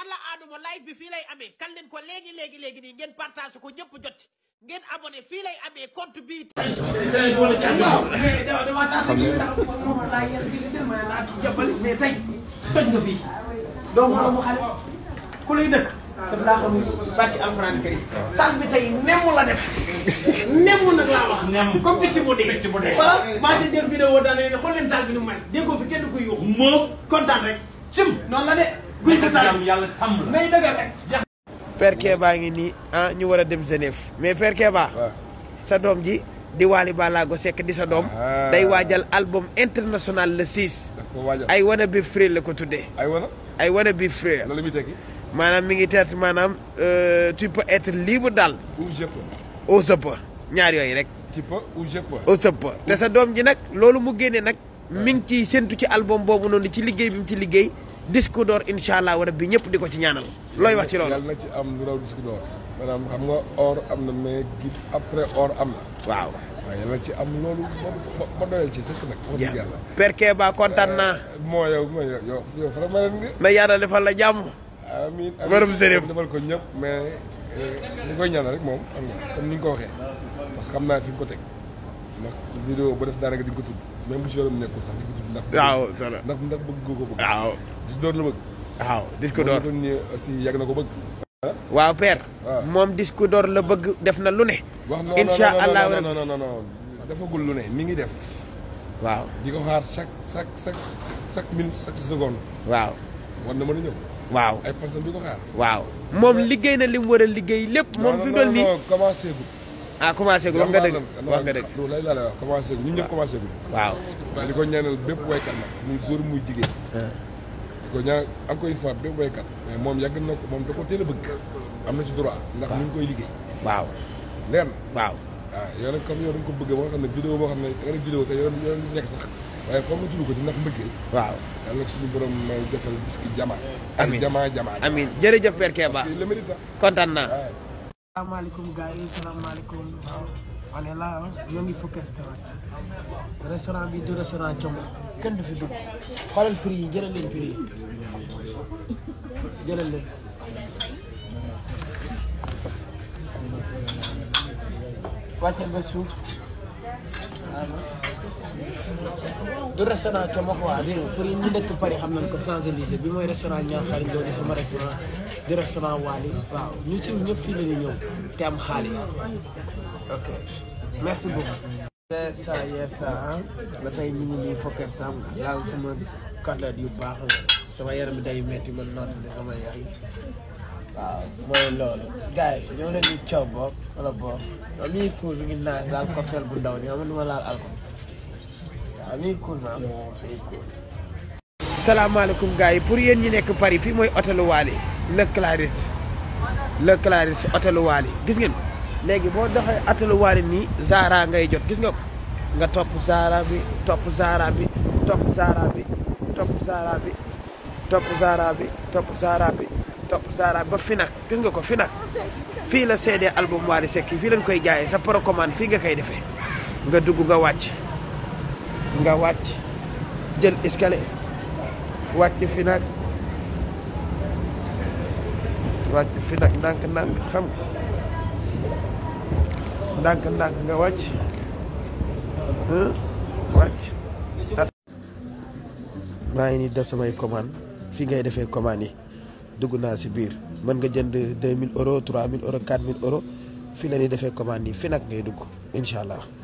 alla aaduma live bi fii lay amee kan leen ko léegi léegi léegi nii ngeen partage ko ñëpp jot ngeen abonné fii lay amee compte bi. mais tey toj nga fii doomu aadama xale ku lay dëkk. daf laa xam bàcc alxuraan karim sax bi tey nemm la def nemm nag laa wax. nemm comme picc bu dee. picc bu dee voilà maa ngi leen di def vidéo daan na yéen xool leen saal bi nu mu mel. dégg ko fi kenn ku yuux moo kontaan rek cim noonu la de. guy Qatar yàlla sàmm ngi nii ah ñu war a dem Genève mais Père Keba. sa doom ji di Waly Ballago Seck di sa doom. Ah. day waajal album international la 6. ay wana bi free la ko tuddee. ay wana ay wana bi free. loolu mi tekki maanaam mi ngi teet maanaam euh, tu peux être libre daal. ou je peux. ñaar yooyu rek. tu peux ou je peux. ou te sa doom ji nag loolu mu génnee nag. mi ngi ciy séntu ci album boobu noonu ci liggéey bi mu ci liggéey. disque d'or incha allah rabbi ñëpp di ko ci ñaanal. looy wax ci loolu yàlla na ci am lu raw disque d'or maanaam xam nga or am na mais gi après or am na. waaw waaye yàlla ci am loolu ba ba ci sëkk nag. wax yàlla perke ba kontaan naa. Eh, moo yow mooy yow yow faram ma leen nga. na yàlla ko ñëpp mais. li eh, koy ñaanal rek moom xam ni nga ko waxee parce que xam naa fi nga ko teg. ndax vidéo ba def daanaka di ko tudd même bu si nekkul sax di ko tudd ndax. waaw dara ndax ndax bëgg ko bëgg. waaw dis door la bëgg. waaw disque d'or moom ñu aussi ah. ah. la bëgg def na lu ne. incha allah non non non defagul lu ne mi ngi def. waaw di ko xaar chaque chaque chaque chaque minute chaque seconde. waaw war na mën a ñëw. waaw ay façon bi ko xaar. waaw moom liggéey na li mu war a liggéey lépp. moom fi mu nii ah commencé gu wax nga dëgg wax nga dëgg loolu lay laa lay wax commencé gu ñun ñëpp gu waaw mais di ko ñaanal bépp waykat nag góor muy jigéen ah. di ko ñaanal encore une mais moom yàgg na ko moom da ko teel bëgg am na ci droit ndax ñu ngi koy liggéey waaw leer na waaw waaw ah, ko bëgg ba nga xam ne vidéo ne da nga def vidéo te yow yow nekk sax waaye foog nga tudd ko ci ndax mbëggee waaw yàlla nag suñu borom may defal gis ki jama amiin jama jama amiin jërëjëf Père naa ah. salaamaaleykum gars yi salaamaaleykum waaw on est là ñoo ngi restaurant bi du restaurant Thiongor kenn du fi dugg xoolal prix yi jëlal leen prix yi leen. wàccal ba suuf waaw. du restaurant Thiamokho waa dégg nga pour ñu dëkk Paris xam nañ ko Champs-Élysées bi mooy restaurant Niakhar Ndoye sama restaurant di restaurant Wali waaw ñu si ñëpp fii la ñuy te am xaalis ok merci beaucoup. yeesa yeesa ah ba tey ñu yu baax la sama yaram bi day metti man noonu la sama yaram waaw mooy loolu gars ñoo leen di wala boog loolu mi ngi cool mi ngi bu ndaw nii xam nga nu laal alcool amiin cool man yi pour yéen ñi nekk Paris fii mooy hôtel Waly Le Claret Le Claret hôtel Waly gis ngeen ko léegi boo doxee hôtel Waly nii Zara ngay jot gis nga ko nga topp Zara bi topp Zara bi topp Zara bi topp Zara bi topp Zara bi topp Zara bi topp Zara ba gis nga ko Fnac fii la CD album Wally Seck fii lañ koy jaaye sa précommande fii nga koy defee nga dugg nga wàcc. nga wàcc jël escalier wàcc fi nag wàcc fi nag ndànk-ndànk xam nga ndànk nga wàcc wàcc maa ngi ni def samay commande fii ngay defee commande yi dugg naa si biir mën nga jënd 2000 euros 3000 euros 4000 euros fii la ñuy defee commande yi fi nag ngay dugg incha allah